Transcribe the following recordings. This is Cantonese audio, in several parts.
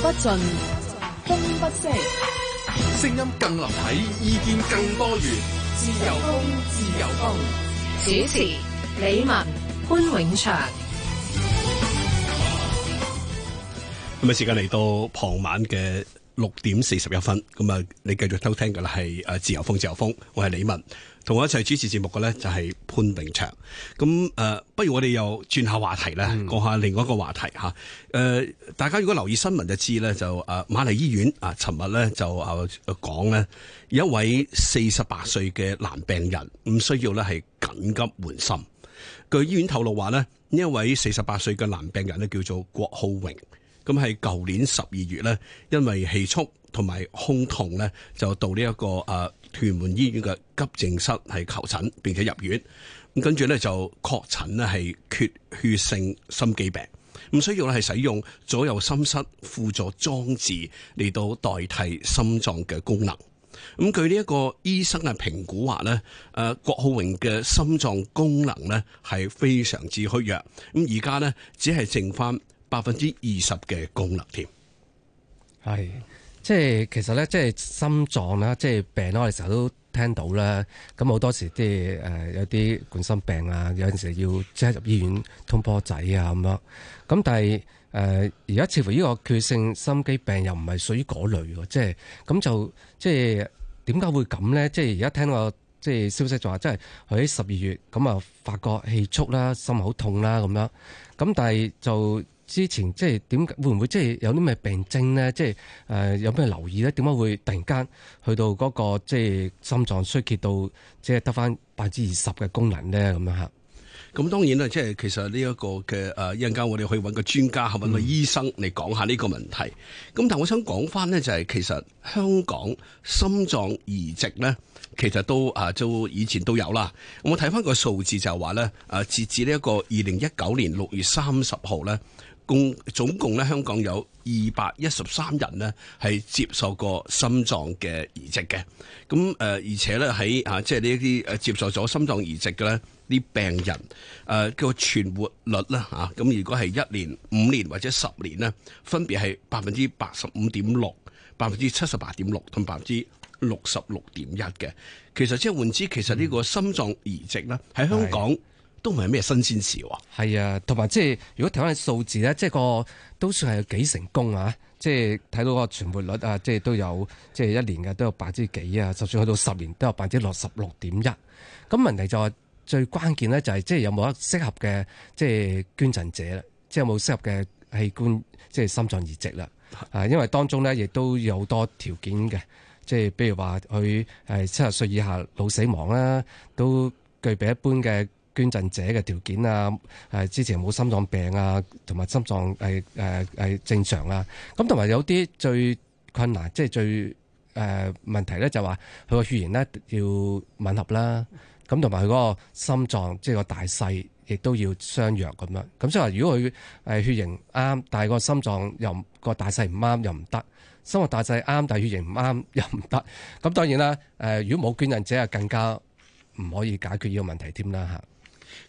不盡，風不息，聲音更立體，意見更多元，自由風，自由風。主持李文、潘永祥，咁啊，時間嚟到傍晚嘅六點四十一分，咁啊，你繼續收聽嘅啦，係誒自由風，自由風，我係李文，同我一齊主持節目嘅咧就係潘永祥。咁誒、呃，不如我哋又轉下話題咧，講下另外一個話題吓。誒、呃，大家如果留意新聞就知咧，就誒瑪麗醫院啊，尋日咧就啊講咧，有一位四十八歲嘅男病人唔需要咧係緊急換心。據醫院透露話咧，呢一位四十八歲嘅男病人咧叫做郭浩榮。咁喺舊年十二月咧，因為氣促同埋胸痛咧，就到呢一個誒屯門醫院嘅急症室係求診，並且入院。咁跟住咧就確診呢係缺血性心肌病，咁需要咧係使用左右心室輔助裝置嚟到代替心臟嘅功能。咁據呢一個醫生嘅評估話咧，誒郭浩榮嘅心臟功能咧係非常之虛弱。咁而家咧只係剩翻。百分之二十嘅功能添，係即係其實咧，即係心臟啦，即係病咯。我哋成日都聽到啦，咁好多時即係誒、呃、有啲冠心病啊，有陣時要即係入醫院通波仔啊咁樣。咁但係誒而家似乎呢個缺血性心肌病又唔係屬於嗰類，即係咁就即係點解會咁咧？即係而家聽到即係消息就話，即係佢喺十二月咁啊，發覺氣促啦，心好痛啦咁樣。咁但係就。之前即係點解會唔會即係有啲咩病徵呢？即係誒、呃、有咩留意咧？點解會突然間去到嗰、那個即係心臟衰竭到即係得翻百分之二十嘅功能呢？咁樣吓？咁當然啦，即係其實呢、這個、一個嘅誒一陣間我哋去揾個專家，揾個醫生嚟講下呢個問題。咁、嗯、但係我想講翻呢，就係、是、其實香港心臟移植呢，其實都啊都以前都有啦。我睇翻個數字就話呢，誒截至呢一個二零一九年六月三十號呢。共總共咧，香港有二百一十三人咧係接受過心臟嘅移植嘅。咁誒、呃，而且咧喺嚇，即係呢一啲誒接受咗心臟移植嘅咧，啲病人誒個、啊、存活率啦嚇，咁、啊啊、如果係一年、五年或者十年呢，分別係百分之八十五點六、百分之七十八點六同百分之六十六點一嘅。其實即係換之，其實呢個心臟移植咧喺、嗯、香港。都唔係咩新鮮事喎。係啊，同埋即係如果睇翻啲數字咧，即係個都算係幾成功啊！即係睇到個存活率啊，即係都有即係一年嘅都有百分之幾啊，就算去到十年都有百分之六十六點一。咁問題就係最關鍵咧，就係即係有冇一適合嘅即係捐贈者啦，即係有冇適合嘅器官即係心臟移植啦。啊，因為當中咧亦都有好多條件嘅，即係比如話佢係七十歲以下腦死亡啦，都具備一般嘅。捐贈者嘅條件啊，誒之前冇心臟病啊，同埋心臟誒誒誒正常啦。咁同埋有啲最困難，即係最誒、呃、問題咧，就係話佢個血型咧要吻合啦。咁同埋佢嗰個心臟，即係個大細，亦都要相若咁樣。咁即係話，如果佢誒血型啱，但係個心臟又個大細唔啱，又唔得。心臟大細啱，但係血型唔啱，又唔得。咁當然啦，誒如果冇捐贈者啊，更加唔可以解決呢個問題添啦嚇。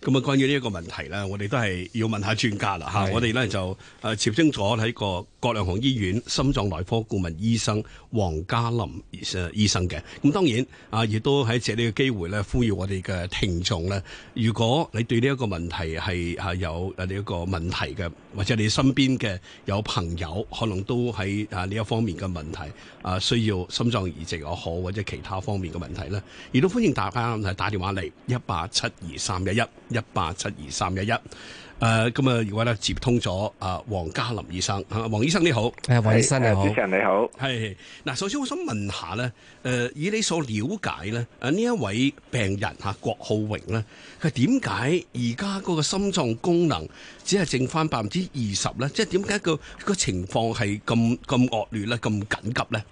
咁啊，關於呢一個問題咧，我哋都係要問下專家啦吓，我哋咧就誒，接清楚喺個。葛量洪醫院心臟內科顧問醫生黃加霖、啊、醫生嘅，咁當然啊，亦都喺借呢個機會咧，呼籲我哋嘅聽眾咧，如果你對呢一個問題係啊有啊呢一個問題嘅，或者你身邊嘅有朋友可能都喺啊呢一方面嘅問題啊，需要心臟移植又好或者其他方面嘅問題咧，亦都歡迎大家係打電話嚟一八七二三一一一八七二三一一。1872311, 1872311。誒，咁啊，而家咧接通咗啊，黃加霖醫生，黃醫生你好，黃醫生你好，主持人你好，係嗱，首先我想問下咧，誒，以你所了解咧，誒，呢一位病人吓郭浩榮咧，佢點解而家個心臟功能只係剩翻百分之二十咧？即係點解個個情況係咁咁惡劣咧，咁緊急咧？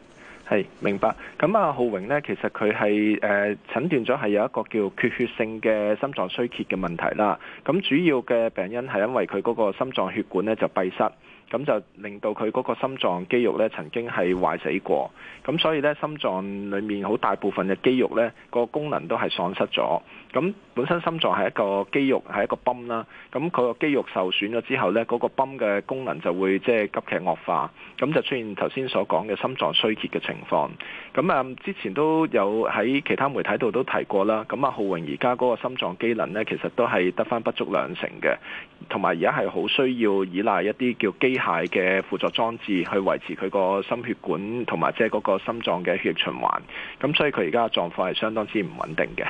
係明白，咁阿浩榮呢，其實佢係誒診斷咗係有一個叫缺血性嘅心臟衰竭嘅問題啦。咁主要嘅病因係因為佢嗰個心臟血管呢就閉塞。咁就令到佢嗰個心臟肌肉咧曾經係壞死過，咁所以咧心臟裏面好大部分嘅肌肉咧、嗰個功能都係喪失咗。咁本身心臟係一個肌肉係一個泵啦，咁佢個肌肉受損咗之後咧嗰、嗰個泵嘅功能就會即係、即係、急劇惡化，咁就出現頭先所講嘅心臟衰竭嘅情況。咁啊之前都有喺其他媒體度都提過啦。咁啊浩榮而家嗰個心臟機能咧其實都係得翻不足兩成嘅，同埋而家係好需要依賴一啲叫機械嘅輔助裝置去維持佢個心血管同埋即係嗰個心臟嘅血液循環，咁所以佢而家嘅狀況係相當之唔穩定嘅。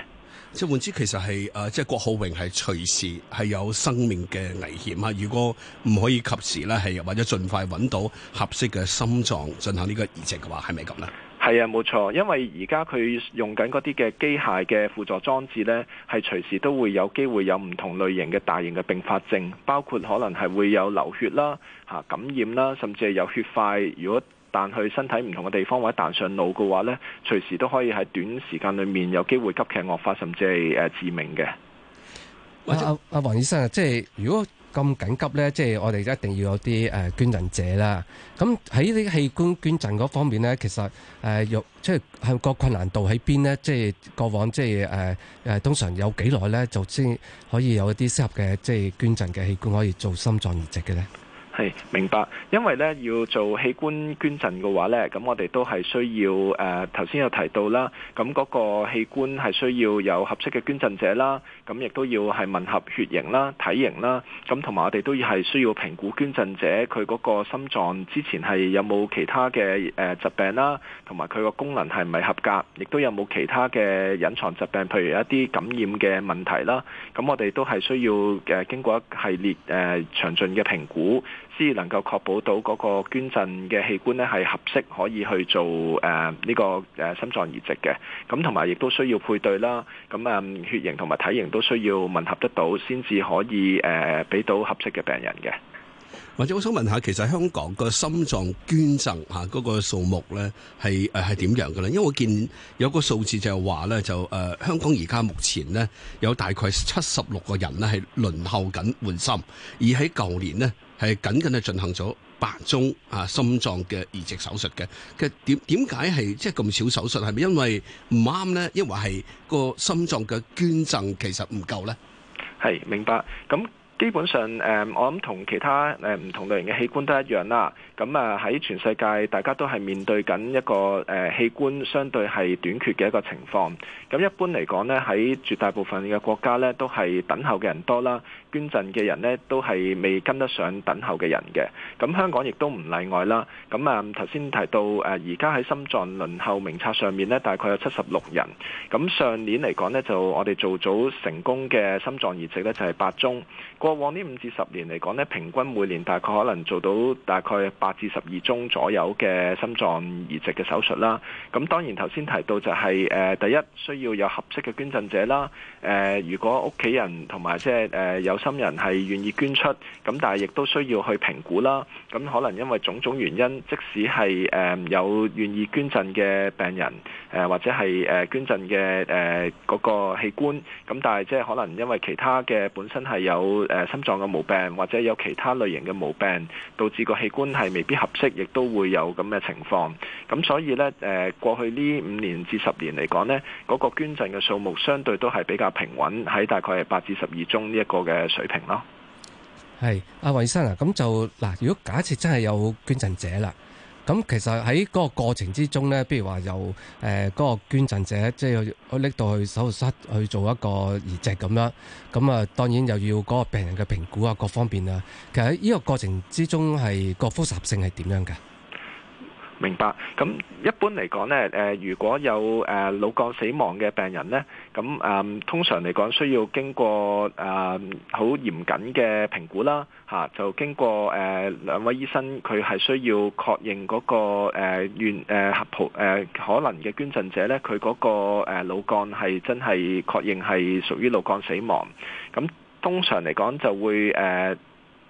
即係換之，其實係誒、啊，即係郭浩榮係隨時係有生命嘅危險啊！如果唔可以及時咧，係或者盡快揾到合適嘅心臟進行呢個移植嘅話，係咪咁咧？係啊，冇錯，因為而家佢用緊嗰啲嘅機械嘅輔助裝置呢，係隨時都會有機會有唔同類型嘅大型嘅併發症，包括可能係會有流血啦、吓、啊、感染啦，甚至係有血塊。如果彈去身體唔同嘅地方或者彈上腦嘅話呢，隨時都可以喺短時間裏面有機會急劇惡化，甚至係誒致命嘅。喂、啊，阿黃醫生啊，即係如果。咁緊急呢，即係我哋一定要有啲誒捐贈者啦。咁喺啲器官捐贈嗰方面呢，其實誒用、呃、即係個困難度喺邊呢？即係過往即係誒誒，通常有幾耐呢，就先可以有一啲適合嘅即係捐贈嘅器官可以做心臟移植嘅呢？係明白，因為咧要做器官捐贈嘅話咧，咁我哋都係需要誒頭先有提到啦，咁嗰個器官係需要有合適嘅捐贈者啦，咁亦都要係吻合血型啦、體型啦，咁同埋我哋都係需要評估捐贈者佢嗰個心臟之前係有冇其他嘅、呃、疾病啦，同埋佢個功能係唔係合格，亦都有冇其他嘅隱藏疾病，譬如一啲感染嘅問題啦，咁我哋都係需要誒、呃、經過一系列誒詳盡嘅評估。先能夠確保到嗰個捐贈嘅器官呢，係合適，可以去做誒呢、啊呢個誒、啊、心臟移植嘅。咁同埋亦都需要配對啦，咁啊血型同埋體型都需要吻合得到，先至可以誒俾、啊、到合適嘅病人嘅。或者我想問下，其實香港個心臟捐贈嚇嗰個數目呢係誒係點樣㗎咧？因為我見有個數字就係話呢，就誒、啊、香港而家目前呢，有大概七十六個人呢係輪候緊換心，而喺舊年呢，係僅僅係進行咗八宗啊心臟嘅移植手術嘅，嘅點點解係即係咁少手術？係咪因為唔啱咧？抑或係個心臟嘅捐贈其實唔夠咧？係明白咁。基本上，誒，我諗同其他誒唔同類型嘅器官都一樣啦。咁啊，喺全世界大家都係面對緊一個誒器官相對係短缺嘅一個情況。咁一般嚟講呢，喺絕大部分嘅國家呢，都係等候嘅人多啦，捐贈嘅人呢，都係未跟得上等候嘅人嘅。咁香港亦都唔例外啦。咁啊，頭先提到誒，而家喺心臟輪候名冊上面呢，大概有七十六人。咁上年嚟講呢，就我哋做咗成功嘅心臟移植呢，就係八宗。過往呢五至十年嚟講呢，平均每年大概可能做到大概八至十二宗左右嘅心臟移植嘅手術啦。咁當然頭先提到就係誒第一需要有合適嘅捐贈者啦。誒、呃、如果屋企人同埋即係誒有心人係願意捐出，咁但係亦都需要去評估啦。咁可能因為種種原因，即使係誒、呃、有願意捐贈嘅病人，誒、呃、或者係誒、呃、捐贈嘅誒嗰個器官，咁但係即係可能因為其他嘅本身係有。誒，心臟嘅毛病或者有其他類型嘅毛病，導致個器官係未必合適，亦都會有咁嘅情況。咁所以呢，誒，過去呢五年至十年嚟講呢嗰、嗰個捐贈嘅數目相對都係比較平穩，喺大概係八至十二宗呢一個嘅水平咯。係，阿黃醫生啊，咁就嗱，如果假設真係有捐贈者啦。咁其實喺嗰個過程之中呢，譬如話由誒嗰個捐贈者，即係去拎到去手術室去做一個移植咁樣，咁啊當然又要嗰個病人嘅評估啊，各方面啊，其實喺呢個過程之中係個複雜性係點樣㗎？明白，咁一般嚟講呢，如果有誒、啊、腦幹死亡嘅病人呢，咁、啊、通常嚟講需要經過誒好、啊、嚴謹嘅評估啦，啊、就經過誒、啊、兩位醫生，佢係需要確認嗰、嗰個、啊啊、合、啊、可能嘅捐贈者呢，佢嗰、嗰個誒、啊、腦幹係真係確認係屬於腦幹死亡，咁通常嚟講就會、啊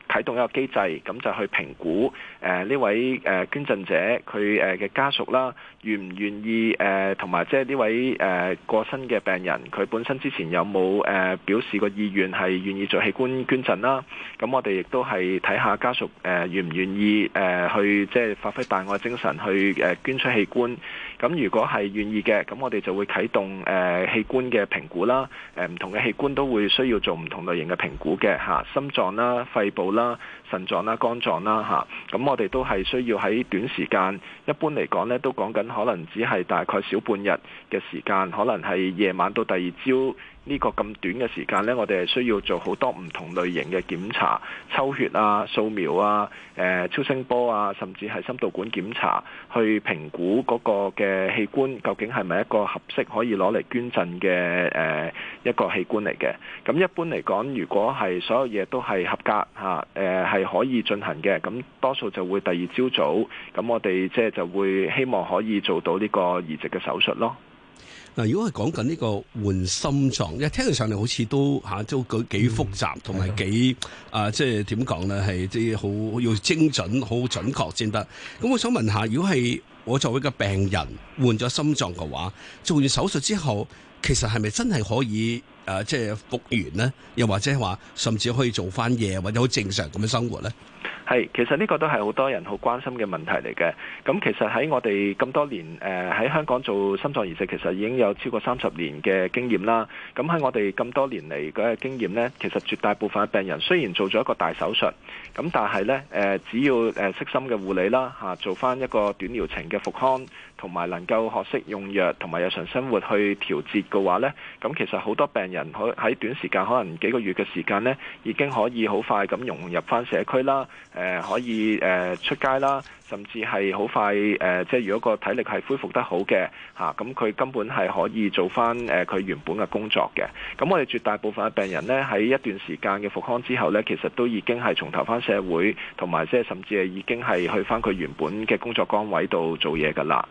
啟動一個機制，咁就去評估誒呢、呃、位誒、呃、捐贈者佢誒嘅家屬啦，願唔願意誒同埋即係呢位誒、呃、過身嘅病人，佢本身之前有冇誒、呃、表示個意願係願意做器官捐贈啦？咁我哋亦都係睇下家屬誒、呃、願唔願意誒、呃、去即係發揮大愛精神去捐出器官。咁如果係願意嘅，咁我哋就會啟動誒、呃、器官嘅評估啦。誒、呃、唔同嘅器官都會需要做唔同類型嘅評估嘅吓、啊，心臟啦、肺部啦、腎臟啦、肝臟啦吓，咁、啊、我哋都係需要喺短時間，一般嚟講呢，都講緊可能只係大概小半日嘅時間，可能係夜晚到第二朝。呢個咁短嘅時間呢，我哋係需要做好多唔同類型嘅檢查、抽血啊、掃描啊、誒超聲波啊，甚至係心導管檢查，去評估嗰個嘅器官究竟係咪一個合適可以攞嚟捐贈嘅誒一個器官嚟嘅。咁一般嚟講，如果係所有嘢都係合格嚇，誒係可以進行嘅。咁多數就會第二朝早，咁我哋即係就會希望可以做到呢個移植嘅手術咯。嗱，如果係講緊呢個換心臟，因為聽佢上嚟好似都吓、啊，都幾複雜，同、嗯、埋幾啊、嗯呃，即係點講咧，係即係好要精準、好準確先得。咁我想問下，如果係我作為一個病人換咗心臟嘅話，做完手術之後，其實係咪真係可以誒、呃，即係復原呢，又或者話甚至可以做翻嘢，或者好正常咁樣生活呢？係，其實呢個都係好多人好關心嘅問題嚟嘅。咁其實喺我哋咁多年，誒喺香港做心臟移植，其實已經有超過三十年嘅經驗啦。咁喺我哋咁多年嚟嘅經驗呢，其實絕大部分嘅病人雖然做咗一個大手術，咁但係呢，誒只要誒悉心嘅護理啦，吓做翻一個短療程嘅復康，同埋能夠學識用藥同埋日常生活去調節嘅話呢，咁其實好多病人可喺短時間，可能幾個月嘅時間呢，已經可以好快咁融入翻社區啦、呃。可以出街啦，甚至係好快、呃、即係如果個體力係恢復得好嘅，咁佢根本係可以做翻佢原本嘅工作嘅。咁我哋絕大部分嘅病人呢，喺一段時間嘅復康之後呢，其實都已經係重投翻社會，同埋即係甚至係已經係去翻佢原本嘅工作崗位度做嘢噶啦。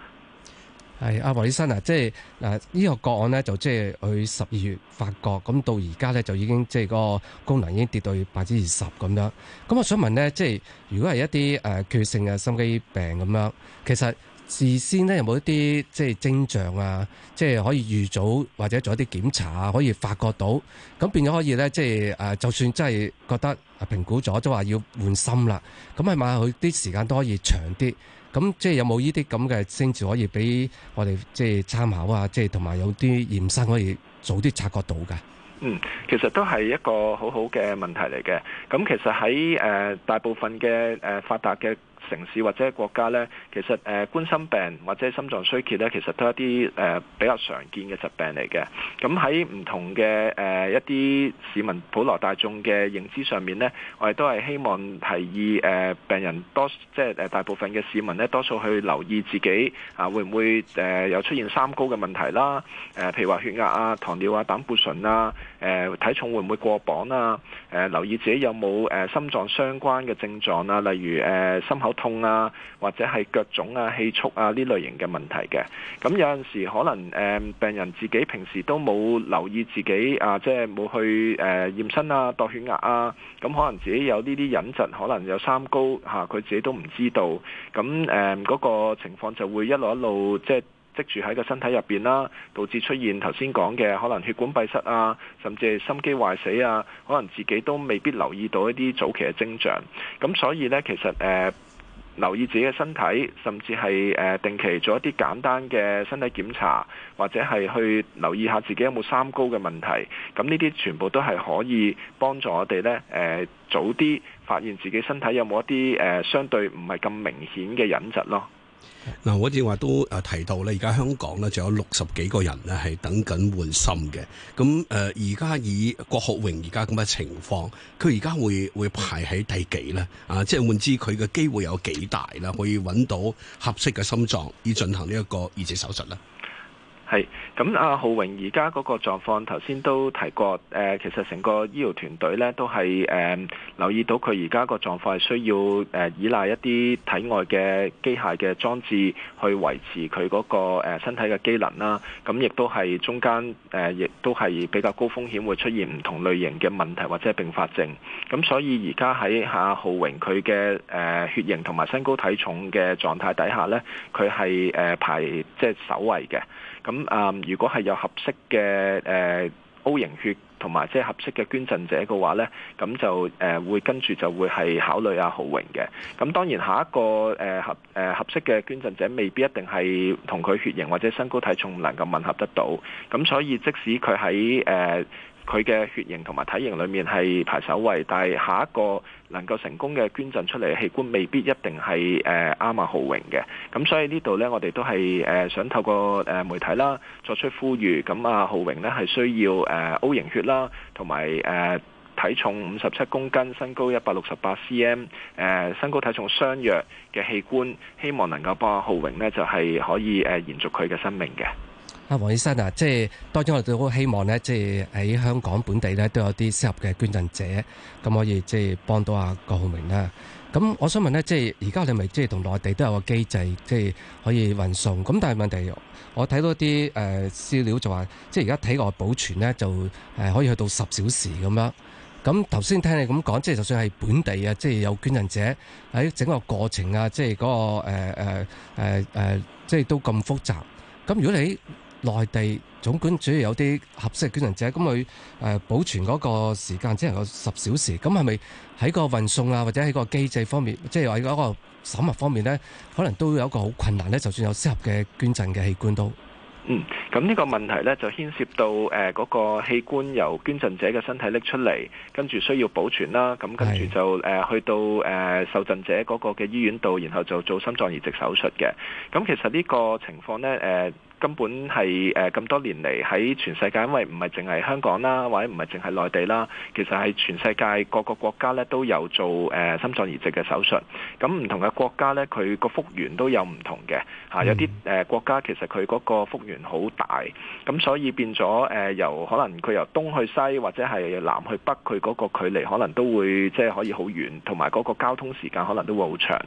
係阿黃醫生啊，即係嗱呢個個案呢，就即係佢十二月發覺，咁到而家呢，就已經即係個功能已經跌到百分之二十咁樣。咁我想問呢，即係如果係一啲誒缺血性嘅心肌病咁樣，其實事先呢有冇一啲即係徵象啊？即係可以預早或者做一啲檢查啊，可以發覺到，咁變咗可以呢，即係誒、呃、就算真係覺得評估咗，都話要換心啦，咁係咪佢啲時間都可以長啲。咁即係有冇呢啲咁嘅升注可以俾我哋即係參考啊？即係同埋有啲驗身可以早啲察覺到嘅。嗯，其實都係一個好好嘅問題嚟嘅。咁其實喺誒大部分嘅誒發達嘅。城市或者國家呢，其實誒冠心病或者心臟衰竭呢，其實都係一啲誒比較常見嘅疾病嚟嘅。咁喺唔同嘅誒一啲市民普羅大眾嘅認知上面呢，我哋都係希望提議誒病人多，即係大部分嘅市民呢，多數去留意自己啊，會唔會誒有出現三高嘅問題啦，譬如話血壓啊、糖尿啊、膽固醇啊、誒體重會唔會過磅啊。誒，留意自己有冇誒心臟相關嘅症狀啊，例如誒心口痛啊，或者係腳腫啊、氣促啊呢類型嘅問題嘅，咁有陣時可能、呃、病人自己平時都冇留意自己啊，即係冇去誒驗、呃、身啊、度血壓啊，咁可能自己有呢啲隱疾，可能有三高嚇，佢、啊、自己都唔知道，咁誒嗰個情況就會一路一路即係、就是、積住喺個身體入邊啦，導致出現頭先講嘅可能血管閉塞啊，甚至係心肌壞死啊，可能自己都未必留意到一啲早期嘅徵象。咁所以呢，其實、呃留意自己嘅身體，甚至係誒定期做一啲簡單嘅身體檢查，或者係去留意下自己有冇三高嘅問題。咁呢啲全部都係可以幫助我哋呢誒，早啲發現自己身體有冇一啲誒相對唔係咁明顯嘅隱疾咯。嗱、嗯，我正話都誒提到咧，而家香港咧就有六十幾個人呢係等緊換心嘅。咁誒，而家以郭學榮而家咁嘅情況，佢而家會會排喺第幾咧？啊，即係換知佢嘅機會有幾大啦？可以揾到合適嘅心臟以進行呢一個移植手術咧？係，咁阿、啊、浩榮而家嗰個狀況，頭先都提過誒、呃，其實成個醫療團隊咧都係誒、呃、留意到佢而家個狀況係需要誒、呃、依賴一啲體外嘅機械嘅裝置去維持佢嗰、那個誒、呃、身體嘅機能啦。咁、啊、亦都係中間誒亦都係比較高風險會出現唔同類型嘅問題或者係併發症。咁所以而家喺阿浩榮佢嘅誒血型同埋身高體重嘅狀態底下咧，佢係誒排即係首位嘅。咁、就是咁啊，如果係有合適嘅誒 O 型血同埋即係合適嘅捐贈者嘅話呢，咁就誒會跟住就會係考慮阿豪榮嘅。咁當然下一個誒合誒合適嘅捐贈者未必一定係同佢血型或者身高體重能夠吻合得到。咁所以即使佢喺誒。佢嘅血型同埋體型裏面係排首位，但係下一個能夠成功嘅捐贈出嚟器官未必一定係誒啱阿浩榮嘅，咁所以呢度咧我哋都係誒想透過誒媒體啦作出呼籲，咁阿浩榮咧係需要誒 O 型血啦，同埋誒體重五十七公斤、身高一百六十八 cm，誒身高體重相約嘅器官，希望能夠幫阿浩榮咧就係可以誒延續佢嘅生命嘅。啊，黃醫生啊，即係當然我哋都好希望咧，即係喺香港本地咧都有啲適合嘅捐贈者，咁可以即係幫到阿郭浩明啦。咁我想問咧，即係而家你咪即係同內地都有個機制，即係可以運送。咁但係問題係，我睇到一啲誒資料就話，即係而家體外保存咧就誒可以去到十小時咁樣。咁頭先聽你咁講，即係就算係本地啊，即係有捐贈者喺整個過程啊，即係嗰個誒誒誒即係都咁複雜。咁如果你？內地總管主要有啲合適捐贈者，咁佢誒保存嗰個時間只能夠十小時，咁係咪喺個運送啊，或者喺個機制方面，即係話一個審核方面咧，可能都有一個好困難咧？就算有適合嘅捐贈嘅器官都嗯，咁呢個問題咧就牽涉到誒嗰個器官由捐贈者嘅身體拎出嚟，跟住需要保存啦，咁跟住就誒去到誒受贈者嗰個嘅醫院度，然後就做心臟移植手術嘅。咁其實呢個情況咧誒。根本係、呃、咁多年嚟喺全世界，因為唔係淨係香港啦，或者唔係淨係內地啦，其實係全世界各個國家咧都有做、呃、心臟移植嘅手術。咁唔同嘅國家咧，佢個幅員都有唔同嘅、啊、有啲、呃、國家其實佢嗰個幅員好大，咁所以變咗、呃、由可能佢由東去西或者係南去北，佢嗰個距離可能都會即係可以好遠，同埋嗰個交通時間可能都會好長。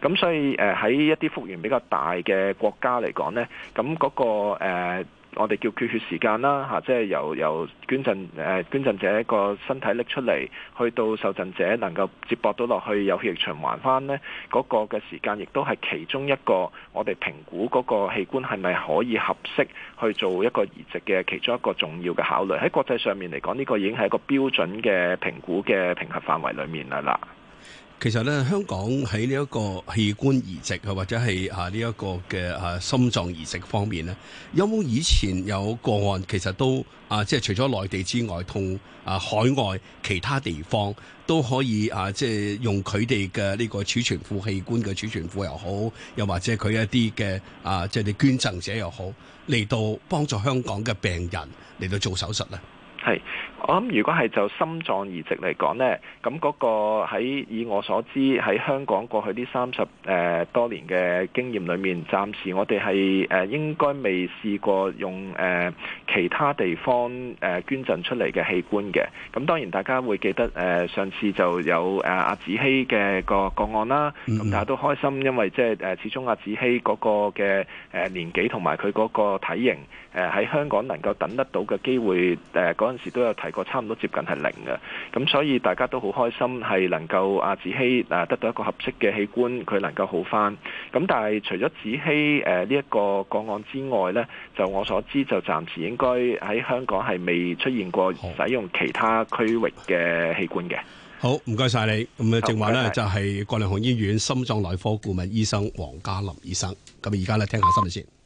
咁所以、呃、喺一啲幅員比較大嘅國家嚟講咧，咁嗰、嗰個個誒、呃，我哋叫缺血，血時間啦嚇、啊，即係由由捐贈誒、呃、捐贈者個身體拎出嚟，去到受贈者能夠接駁到落去有血液循環翻呢嗰個嘅時間，亦都係其中一個我哋評估嗰個器官係咪可以合適去做一個移植嘅其中一個重要嘅考慮。喺國際上面嚟講，呢、這個已經係一個標準嘅評估嘅評核範圍裡面啦。其實咧，香港喺呢一個器官移植啊，或者係啊呢一個嘅啊心臟移植方面咧，有冇以前有個案？其實都啊，即係除咗內地之外，同啊海外其他地方都可以啊，即係用佢哋嘅呢個儲存庫器官嘅儲存庫又好，又或者佢一啲嘅啊，即係你捐贈者又好，嚟到幫助香港嘅病人嚟到做手術咧。係，我諗如果係就心臟移植嚟講呢，咁嗰個喺以我所知喺香港過去呢三十誒多年嘅經驗裏面，暫時我哋係誒應該未試過用誒、呃、其他地方誒、呃、捐贈出嚟嘅器官嘅。咁當然大家會記得誒、呃、上次就有誒阿子希嘅個個案啦，咁、mm -hmm. 大家都開心，因為即、就、係、是、始終阿子希嗰個嘅誒年紀同埋佢嗰個體型，誒、呃、喺香港能夠等得到嘅機會誒、呃時都有提過，差唔多接近係零嘅，咁所以大家都好開心夠，係能夠阿子希啊得到一個合適嘅器官，佢能夠好返。咁但係除咗子希誒呢一個個案之外呢，就我所知就暫時應該喺香港係未出現過使用其他區域嘅器官嘅。好，唔該晒你。咁啊，正話呢，是就係、是、葛量洪醫院心臟內科顧問醫生黃加霖醫生。咁而家呢，聽下新聞先。